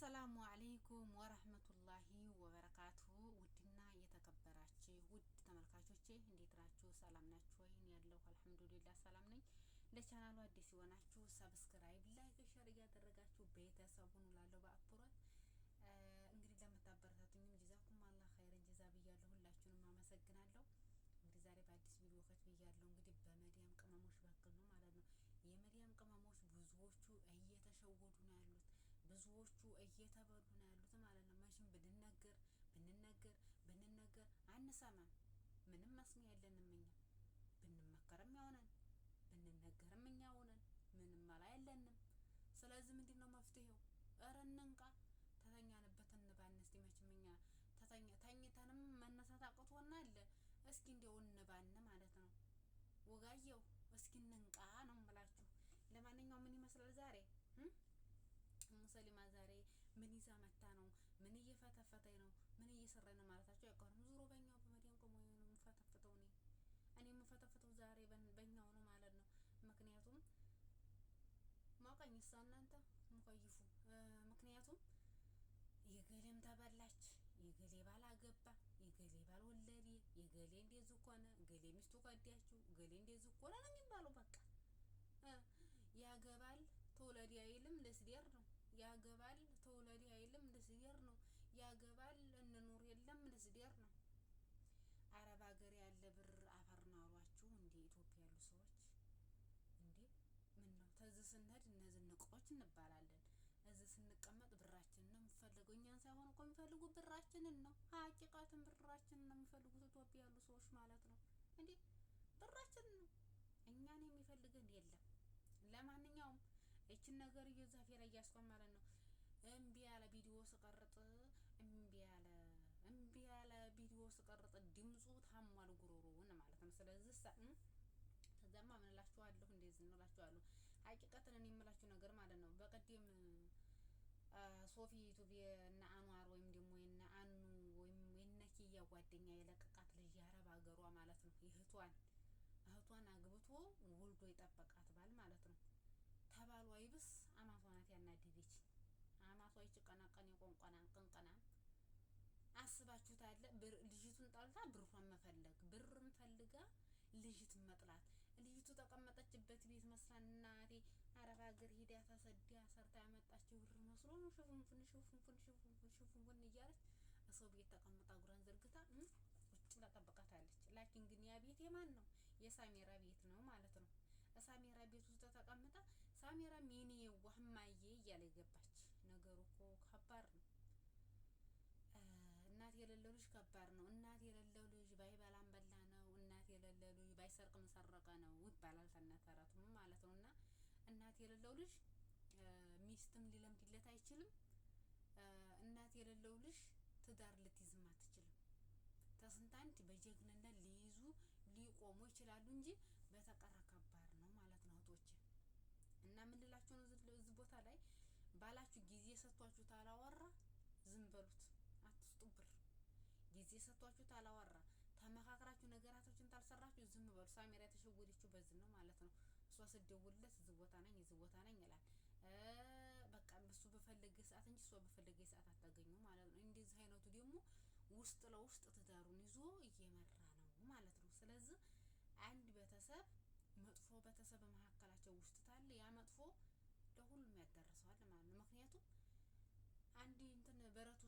አሰላሙ አለይኩም ወረህመቱላሂ ወበረካቱ። ውድና እየተከበራችሁ ውድ ተመልካቾቼ እንዴት ናችሁ? ሰላም ናችሁ ወይ? ያለሁ አልሐምዱሊላህ ሰላም ነኝ። ለቻናሉ አዲስ የሆናችሁ ሰብስክራይብ፣ ላይክ፣ ሸር እያደረጋችሁ ቤተሰቡን ላለው በአቶ ልጆቹ እየተበሉ ነው ያሉት ማለት ነው። መቼም ብንነገር ብንነገር ብንነገር አንሰማም። ምንም መስሚያ የለንም እኛ ብንመከርም ያውነን ብንነገርም እኛ ውነን ምንም አላ የለንም። ስለዚህ ምንድን ነው መፍትሄው? እረ እንንቃ፣ ተተኛንበት እንባነስ መቼም እኛ ተኝተንም መነሳት አቅቶና አለ እስኪ እንዲያው እንባን ማለት ነው ወጋየው። እስኪ እንንቃ ነው የምላችሁ። ለማንኛውም ምን ይመስላል ዛሬ ሙሰሊማ ምን ይዛ መታ ነው፣ ምን እየፈተፈተኝ ነው፣ ምን እየሰራኝ ነው ማለታቸው ያቋርም ዙሮ በእኛው በመዲያን ቆሞ ነው የምፈተፍተው እኔ እኔ የምፈተፍተው ዛሬ በእኛው ነው ማለት ነው። ምክንያቱም ማውቀኝ እሷ እናንተ ሙቀይፉ ምክንያቱም የገሌም ተበላች፣ የገሌ ባላገባ፣ የገሌ ባልወለዴ፣ የገሌ እንደዚህ ኮነ፣ ገሌ ሚስቱ ከዳችው፣ ገሌ እንደዚህ ኮነ ነው የሚባለው። በቃ ያገባል ተወለዲ አይልም። ለስዲር ነው ያገባል አንድ ዝቤር ነው። አረብ ሀገር ያለ ብር አፈር ነው አሏችሁ እንዴ? ኢትዮጵያ ያሉ ሰዎች እንዴ ምን ነው ተዚህ ስንሄድ እነዚህ ንቆች እንባላለን። እዚህ ስንቀመጥ ብራችንን ነው የምፈልገው። እኛን ሳይሆን እኮ የሚፈልጉ ብራችንን ነው። ሀቂቃትን ብራችንን ነው የሚፈልጉት ኢትዮጵያ ያሉ ሰዎች ማለት ነው እንዴ ብራችንን ነው። እኛን የሚፈልገን የለም። ለማንኛውም ይችን ነገር እየዛፌ ላይ እያስቆም ነው እምቢ ያለ ቪዲዮ ስቀርጥ እምቢ ያለ ጭብ ያለ ቪዲዮ ስቀርጥ ድምፁ ታሟል ጉሮሮውን ማለት ነው። ስለዚህ ከዛማ ምን እላችኋለሁ፣ እንደዚህ ነው ሀቂቀትን እኔ የምላችሁ ነገር ማለት ነው። በቀደም ሶፊ ዩቱብ የእነ አኗር ወይም ደግሞ አኑ ወይም የእነ ኪያ ጓደኛ የለቀቃት ልጅ የአረብ ሀገሯ ማለት ነው እህቷን እህቷን አግብቶ ወልዶ የጠበቃት ባል ማለት ነው። ተባሏ ይብስ አማቷ ናት ያናደደች አማቷ ይች ቀናቀን የቆንቋናንቅ አስባችሁታል? ልጅቱን ጠልታ ብሯን መፈለግ ብርን ፈልጋ ልጅት መጥላት ልጅቱ ተቀመጠችበት ቤት መስላ እናቴ አረብ ሀገር ሄዳ ተሰዳ ሰርታ ያመጣችው ብር መስሎ ነው። ሽፉን ፍን ሽፉን ፍን እያለች ሰው ቤት ተቀምጣ ጉራን ዘርግታ ውጭ ተጠብቃታለች። ላኪን ግን ያ ቤት የማን ነው? የሳሜራ ቤት ነው ማለት ነው። ሳሜራ ቤት ውስጥ ተቀምጣ ሳሜራ ሚኒ የዋህ የሌለው ልጅ ከባድ ነው። እናት የሌለው ልጅ ባይበላም በላ ነው። እናት የሌለው ልጅ ባይሰርቅም ሰረቀ ነው ይባላል። ተነተረቱም ማለት ነው እና እናት የሌለው ልጅ ሚስትም ሊለምድለት አይችልም። እናት የሌለው ልጅ ትዳር ልትይዝም አትችልም። ከስንት አንድ በጀግንነት ሊይዙ ሊቆሙ ይችላሉ እንጂ በተቀረ ከባድ ነው ማለት ነው እህቶቼ። እና ምን ነው እዚህ ቦታ ላይ ባላችሁ ጊዜ ሰጥቷችሁ ታላወራ ዝም በሉት። ጊዜ ሰጥቷችሁ ታላወራ ተመካከራችሁ ነገራቶችን ታልሰራችሁ ዝም በሉ። ሳሚራ የተሸወደችው በዝን ነው ማለት ነው። እሷ ስደውልለት እዚህ ቦታ ነኝ እዚህ ቦታ ነኝ ይላል። በቃ እሱ በፈለገ ሰዓት እንጂ እሷ በፈለገ ሰዓት አታገኙ ማለት ነው። እንደዚህ አይነቱ ደግሞ ውስጥ ለውስጥ ትዳሩን ይዞ እየመራ ነው ማለት ነው። ስለዚህ አንድ ቤተሰብ መጥፎ ቤተሰብ በመካከላቸው ውስጥ ታለ ያ መጥፎ ለሁሉም ማለት ነው። ምክንያቱም አንድ እንትን በረት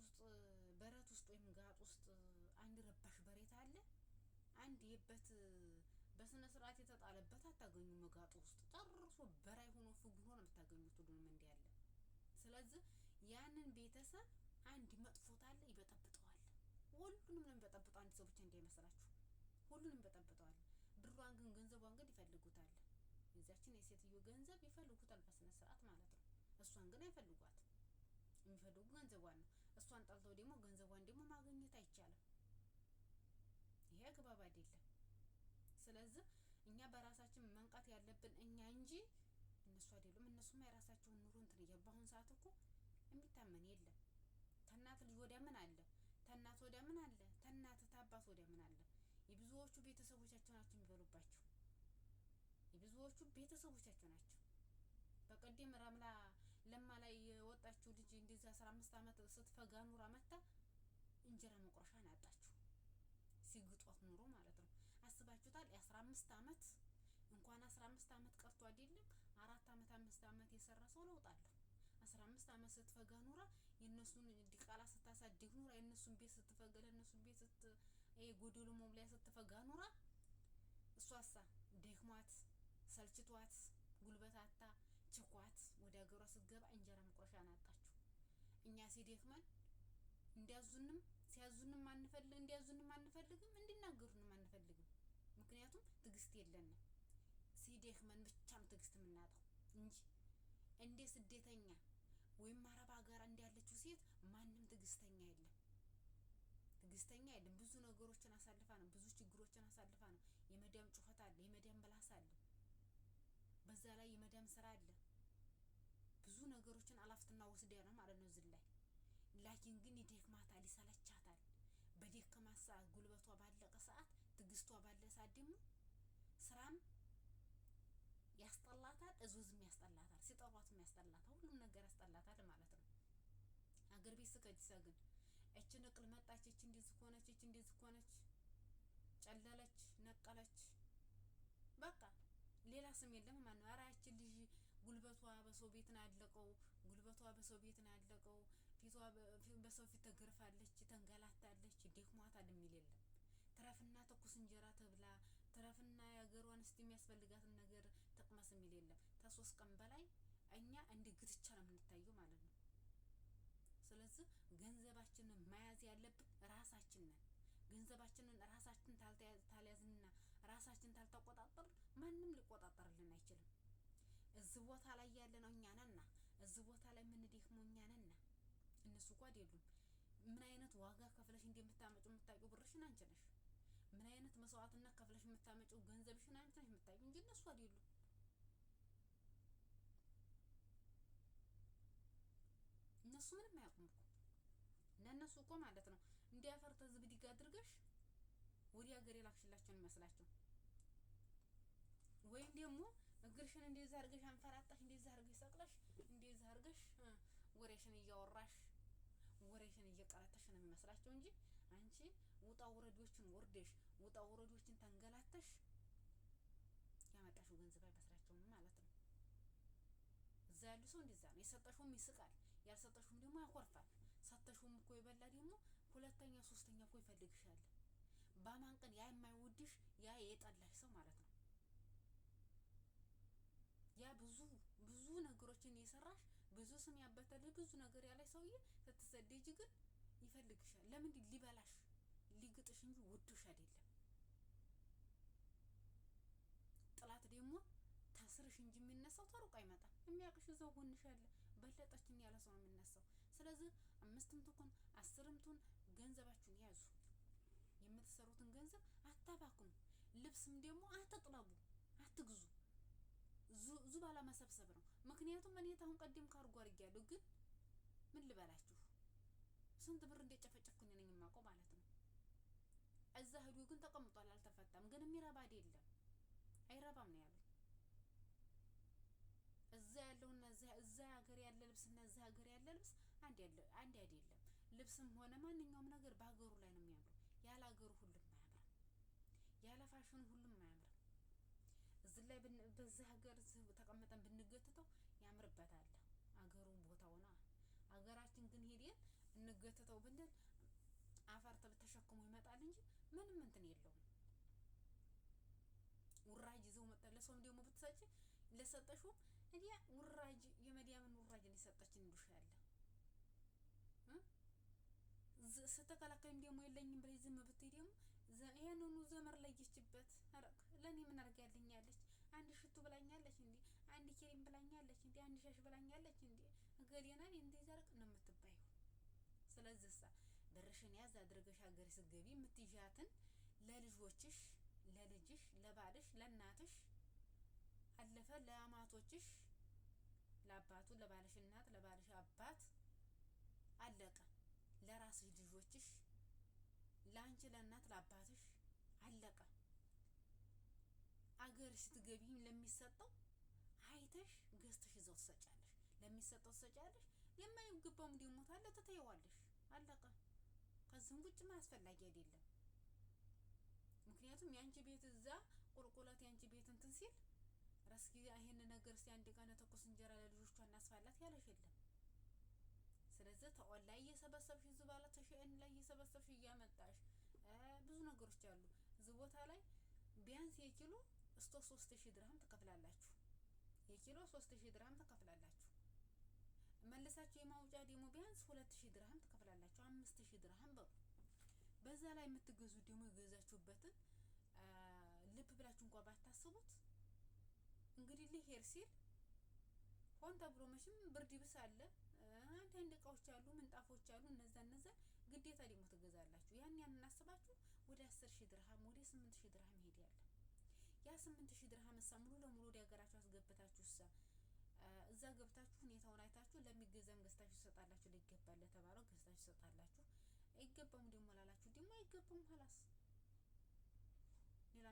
የተጣለበት በስነ ስርዓት የተጣለበት አታገኙ መጋጦ ውስጥ ጨርሶ በራይ ሆኖ ፍጉር ሆኖ የምታገኙት ሁሉንም እንዲህ ያለ። ስለዚህ ያንን ቤተሰብ አንድ መጥፎት አለ ይበጠብጠዋል። ሁሉንም ነው የሚበጠብጠው። አንድ ሰው ብቻ እንዳይመስላችሁ ሁሉንም ይበጠብጠዋል። ብሯን ግን ገንዘቧን ግን ይፈልጉታል። የዚያችን የሴትዮ ገንዘብ ይፈልጉታል በስነ ስርዓት ማለት ነው። እሷን ግን አይፈልጓት። የሚፈልጉ ገንዘቧን ነው። እሷን ጠልተው ደግሞ ገንዘቧን ደግሞ ማግኘት አይቻልም። ይሄ አግባብ ስለዚህ እኛ በራሳችን መንቃት ያለብን እኛ እንጂ እነሱ አይደሉም። እነሱማ የራሳቸውን ኑሮ እንትን እያሉ በአሁኑ ሰዓት እኮ የሚታመን የለም። ተእናት ልጅ ወዲያ ምን አለ፣ ተእናት ወዲያ ምን አለ፣ ተእናት ታባት ወዲያ ምን አለ። የብዙዎቹ ቤተሰቦቻቸው ናቸው የሚበሉባቸው፣ የብዙዎቹ ቤተሰቦቻቸው ናቸው። በቀደም ረምላ ለማ ላይ የወጣችው ልጅ እንደዚህ አስራ አምስት አመት ስትፈጋ ኑራ መታ እንጀራ መቁረጥ አይታችሁታል። የአስራ አምስት አመት እንኳን አስራ አምስት አመት ቀርቶ አይደለም አራት አመት አምስት አመት የሰራ ሰው ለውጥ አለሁ። አስራ አምስት አመት ስትፈጋ ኑራ የእነሱን ዲቃላ ስታሳድግ ኑራ የእነሱን ቤት ስትፈጋ ለእነሱን ቤት ስት ጎዶሎ መብላያ ስትፈጋ ኑራ እሷሳ ደክሟት ሰልችቷት ጉልበታታ አታ ችኳት ወደ ሀገሯ ስትገባ እንጀራ መቁረሻ ናጣችሁ። እኛ ሲደክመን እንዲያዙንም ሲያዙንም አንፈልግ እንዲያዙንም አንፈልግም እንዲናገሩንም አንፈልግም። ምክንያቱም ትዕግስት የለንም። ሲደክመን ብቻ ነው ትዕግስት የምናጣው እንጂ እንደ ስደተኛ ወይም አረብ ሀገር እንዳለችው ሴት ማንም ትግስተኛ የለም። ትዕግስተኛ የለም። ብዙ ነገሮችን አሳልፋ ነው፣ ብዙ ችግሮችን አሳልፋ ነው። የመዳም ጩኸት አለ፣ የመዳም ብላስ አለ፣ በዛ ላይ የመዳም ስራ አለ። ብዙ ነገሮችን አላፍትና ወስደ ነው ማለት ነው እዚህ ላይ። ላኪን ግን ይደክማታል፣ ይሰለቻታል። በደከማት ሰዓት ጉልበቷ ባለቀ ሰዓት ትግስቷ ባለ ደግሞ ስራም ያስጠላታል፣ እዙዝም ያስጠላታል፣ ሲጠሯትም ያስጠላታል፣ ሁሉም ነገር ያስጠላታል ማለት ነው። አገር ቤት ስከጅሳ ግን እችን እቅል መጣች፣ እች እንደዚህ ከሆነች፣ እች እንደዚህ ከሆነች፣ ጨለለች፣ ነቀለች፣ በቃ ሌላ ስም የለም ማለት ኧረ ያችን ልጅ ጉልበቷ በሰው ቤት ነው ያለቀው፣ ጉልበቷ በሰው ቤት ነው ያለቀው፣ ፊቷ በሰው ፊት ተገርፋለች፣ ተንገላታለች፣ ደክሟታል የሚል ትረፍና ትኩስ እንጀራ ተብላ ትረፍና የሀገሯን እስቲ የሚያስፈልጋትን ነገር ተቅመስ የሚል የለም። ከሶስት ቀን በላይ እኛ እንደ ግትቻ ነው የምንታየው ማለት ነው። ስለዚህ ገንዘባችንን መያዝ ያለብን ራሳችን ነን። ገንዘባችንን ራሳችን ታልያዝንና ራሳችን ታልተቆጣጠር ማንም ሊቆጣጠርልን አይችልም። እዚህ ቦታ ላይ ያለነው እኛ ነና፣ እዚህ ቦታ ላይ የምንደክመው እኛ ነና። እነሱ ጓድ የሉም። ምን አይነት ዋጋ ከፍለሽ እንደምታመጪው የምታውቂው ብርሽን አንቺ ነሽ። ምን አይነት መስዋዕትነት ከፍለሽ የምታመጪው ገንዘብሽን አንቺ ነሽ የምታየው እንጂ እነሱ አይደሉም። እነሱ ምንም አያውቁም እኮ ለእነሱ እኮ ማለት ነው አፈር ተዝብድግ አድርገሽ ወዲ ሀገር የላክሽላቸውን ይመስላቸው ወይም ደግሞ እግርሽን እንደዛ አድርገሽ አንፈራጣሽ፣ እንደዛ አድርገሽ ሰቅለሽ፣ እንደዛ አድርገሽ ወሬሽን እያወራሽ ወሬሽን እየቀረተሽ ነው የሚመስላቸው እንጂ ውጣ ውረዶችን ወርደሽ ውጣ ውረዶችን ተንገላተሽ ያመጣሽው ገንዘብ አይበስራቸውም ማለት ነው። እዛ ያሉ ሰው እንደዛ ነው። የሰጠሽውም ይስቃል፣ ያልሰጠሽውም ደግሞ ያኮርፋል። ሰተሽውም እኮ የበላ ደግሞ ሁለተኛ ሶስተኛ እኮ ይፈልግሻል። በማን ቀን ያ የማይወድሽ ያ የጠላሽ ሰው ማለት ነው። ያ ብዙ ብዙ ነገሮችን የሰራሽ ብዙ ስም ያበተልህ ብዙ ነገር ያለሽ ሰውዬ ስትሰደጂ ግን ይፈልግሻል። ለምንድን ሊበላሽ ሊግጥሽ እንጂ ወዶሽ አይደለም። ጥላት ደግሞ ታስርሽ እንጂ የሚነሳው ተሩቅ አይመጣም። የሚያውቅሽ እዛው ጎንሽ አለ። በለጠችን ያለ ሰው ነው የሚነሳው። ስለዚህ አምስትም ትኩን አስርም ትሁን ገንዘባችሁን ያዙ። የምትሰሩትን ገንዘብ አታባክኑ። ልብስም ደግሞ አትጥለቡ፣ አትግዙ። ዙ ባላ መሰብሰብ ነው። ምክንያቱም እኔ አሁን ቀደም ካርጎ አድርጌያለሁ። ግን ምን ልበላችሁ ስንት ብር እንደጨፈጨፍኩኝ ነኝ እዛ ህዱ ግን ተቀምጧል፣ አልተፈታም። ግን የሚረባ አይደለም አይረባም ነው ያሉኝ። እዛ ያለውና እዛ ሀገር ያለ ልብስና እዛ ሀገር ያለ ልብስ አንድ አይደለም። ልብስም ሆነ ማንኛውም ነገር በሀገሩ ላይ ነው የሚያምረው። ያለ ሀገሩ ሁሉም አያምርም፣ ያለ ፋሽኑ ሁሉም አያምርም። እዚህ ላይ በዛ ሀገር ተቀምጠን ብንገትተው ያምርበታል አገሩ ቦታውና አገራችን ግን ሄደን እንገትተው ብንል አፈር ተሸክሞ ይመጣል እንጂ ምንም እንትን የለውም። ውራጅ ይዘው መጣ። ለሰውም ደግሞ ብትሰጪ ለሰጠሽው እንዴ ውራጅ የመዲያምን ውራጅ እንዲሰጠችን ይሉሻል። ስተከላከል ደግሞ የለኝም ብለሽ ዝም ብትይ ደግሞ ይሄንኑ ዘመር ለየችበት አረቅ ለእኔ ምን አድርጋልኛለች? አንድ ሽቱ ብላኛለች እንዴ፣ አንድ ኬሪም ብላኛለች እንዴ፣ አንድ ሻሽ ብላኛለች እንዴ፣ እገሌናል እንዴ፣ ዘረቅ ነው የምትባይው። ስለዚህ ሳ ብርሽን ያዝ አድርገሽ ሀገር ስትገቢ ያላትን ለልጆችሽ፣ ለልጅሽ፣ ለባልሽ፣ ለእናትሽ አለፈ ለአማቶችሽ፣ ለአባቱ፣ ለባልሽ እናት፣ ለባልሽ አባት አለቀ። ለራስሽ ልጆችሽ፣ ለአንቺ፣ ለእናት፣ ለአባትሽ አለቀ። አገር ስትገቢም ለሚሰጠው አይተሽ ገዝተሽ ይዘው ትሰጫለሽ። ለሚሰጠው ትሰጫለሽ። የማይገባውም ደግሞ ታለ ትተይዋለሽ። አለቀ። ከዚህም ውጭ አስፈላጊ አይደለም። ምክንያቱም የአንቺ ቤት እዛ ቁልቁለት የአንቺ ቤት እንትን ሲል ረስ ጊዜ ይሄን ነገር እስቲ አንድ ቀን ተኩስ እንጀራ ለልጆቿ እናስፋላት ያለሽ የለም። ስለዚህ ላይ እየሰበሰብሽ እዚህ ባለ ተሽእን ላይ እየሰበሰብሽ እያመጣሽ ብዙ ነገሮች አሉ። እዚህ ቦታ ላይ ቢያንስ የኪሎ እስቶ ሶስት ሺህ ድርሃም ትከፍላላችሁ። የኪሎ ሶስት ሺህ ድርሃም ትከፍላላችሁ። መልሳችሁ የማውጫ ደግሞ ቢያንስ ሁለት ሺህ ድርሃም ትከፍላላችሁ። አምስት ሺህ ድርሃም በሉ። በዛ ላይ የምትገዙ ደግሞ የገዛችሁበትን ልብ ብላችሁ እንኳ ባታስቡት እንግዲህ ሊሄድ ሲል ሆን ተብሎ መቼም ብርድ ይብስ አለ፣ አንዳንድ እቃዎች አሉ፣ ምንጣፎች አሉ። እነዛ እነዛ ግዴታ ደግሞ ትገዛላችሁ። ያን ያን እናስባችሁ ወደ አስር ሺህ ድርሃም ወደ ስምንት ሺህ ድርሃም ይሄድ ያለ ያ ስምንት ሺህ ድርሃም እሳ ሙሉ ለሙሉ ወደ ሀገራችሁ አስገብታችሁ እሳ እዛ ገብታችሁ ሁኔታውን አይታችሁ ለሚገዛም ገዝታችሁ ትሰጣላችሁ። ሊገባል ለተባለው ገዝታችሁ ትሰጣላችሁ። አይገባም ደግሞ ላላችሁ ደግሞ አይገባም። ኋላስ ሌላ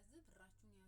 ስለዚህ ብራችሁን